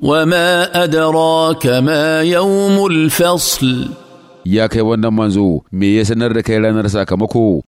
وما أدراك ما يوم الفصل يا ونا منزو مي يسنر كيلا نرسا كمكو